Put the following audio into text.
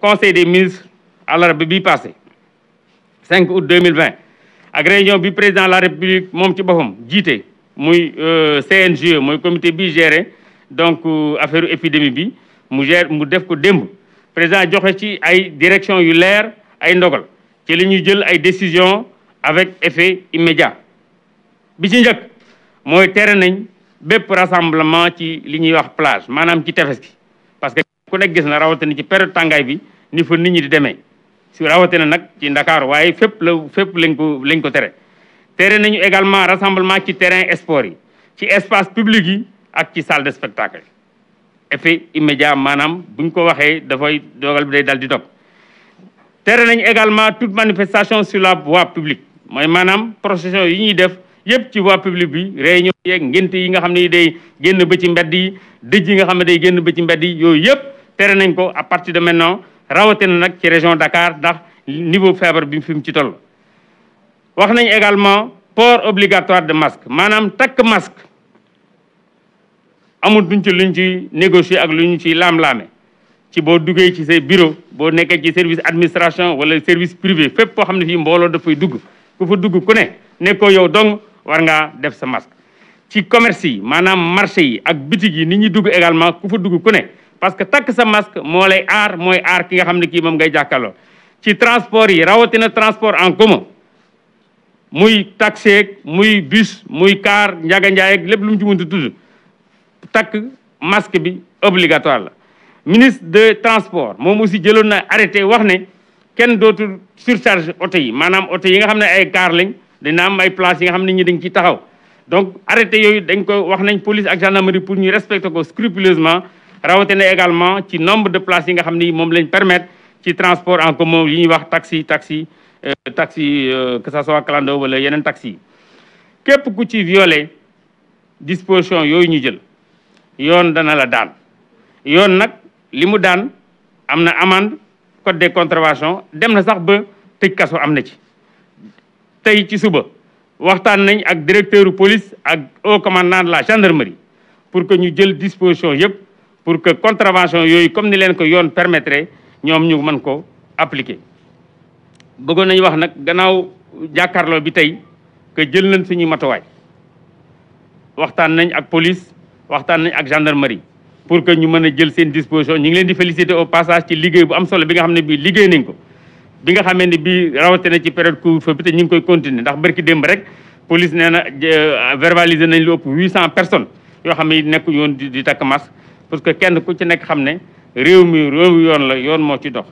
conseil des ministres àllarba bi passé 5 août 2020 ak réunion bi président de la république moom ci boppam jiite muy euh, CNGE mooy comité bi géré donc euh, affaire épidémie bi mu ger mu def ko démb président joxe ci ay direction yu leer ay ndogal ci li ñuy jël ay décision avec effet immédiat bi ci njëkk mooy tere nañ bépp rassemblement ci li ñuy wax plage maanaam ci tefes gi ku nekk gis na rawatina ci période tàngaay bi ni fa nit ñi di demee si rawatina nag ci Ndakaaru waaye fépp la fépp lañ ko lañ ko tere tere nañu également rassemblement ci terrain sport yi ci espace public yi ak ci salle de spectacle effet immédiat maanaam buñ ko waxee dafay dogal bi day dal di dog tere nañu également toute manifestation sur la voie publique mooy maanaam procession yi ñuy def yëpp ci voie publique bi réunion yeeg ngénte yi nga xam ne day génn ba ci mbedd yi nga xam ne day génn ba ci yooyu yëpp tere nañ ko à parti de maintenant rawatina nag ci région Dakar ndax niveau feebar bi fi mu ci toll. wax nañ également port obligatoire de masque maanaam takk masque amul duñ ci luñ ci négocier ak lu ñu ciy laam-laame ci boo duggee ci say bureau boo nekkee ci service administration wala service privé fépp koo xam ne fii mbooloo dafay dugg ku fa dugg ku ne nekkoo yow dong war ngaa def sa masque. ci commerce yi maanaam marché yi ak bitig yi ni ñi dugg également ku fa dugg ku ne. parce que takk sa masque moo lay aar mooy aar ki nga xam ne kii moom ngay jàkkaarloo ci transport yi rawatina transport en commun muy taxi muy bus muy car njaga njaay ak lépp lu mu ci mënti tudd takk masque bi obligatoire la ministre de transport moom aussi jëloon na arrêté wax ne kenn dootu surcharge oto yi maanaam oto yi nga xam ne ay car lañ dina am ay place yi nga xam ne ñi dañ ciy taxaw donc arrêté yooyu dañ ko wax nañ police ak gendarmerie ñu respecter ko scrupuleusement rawatina également ci nombre de places yi nga xam ni moom lañ permettre ci transport en commun yi ñuy wax taxi taxi euh, taxi euh, que ça soit clando wala yeneen taxi képp ku ci violé disposition yooyu ñu jël yoon dana la daan yoon nag li mu daan am na amende code de contraventions dem na sax ba tëj kaso am na ci tey ci suba waxtaan nañ ak directeur police ak haut commandant de la gendarmerie pour que ñu jël disposition yëpp pour que contravention yooyu comme ni leen ko yoon permettre ñoom ñu mën ko appliquer. bëggoon nañu wax nag gannaaw jàkkaarloo bi tey que jël nañ suñuy matuwaay waxtaan nañ ak police waxtaan nañ ak gendarmerie pour que ñu mën a jël seen disposition ñu ngi leen di féliciter au passage ci liggéey bu am solo bi nga xam ne bii liggéey nañ ko. bi nga xamee ne bii rawatina ci période couvre-feu te ñu ngi koy continuer ndax barki démb rek police nee na euh, verbaliser nañ lu ëpp huit cent personnes yoo xam ne nekk yoon di takk masque parce que kenn ku ci nekk xam ne réew mi réew yoon la yoon moo ci dox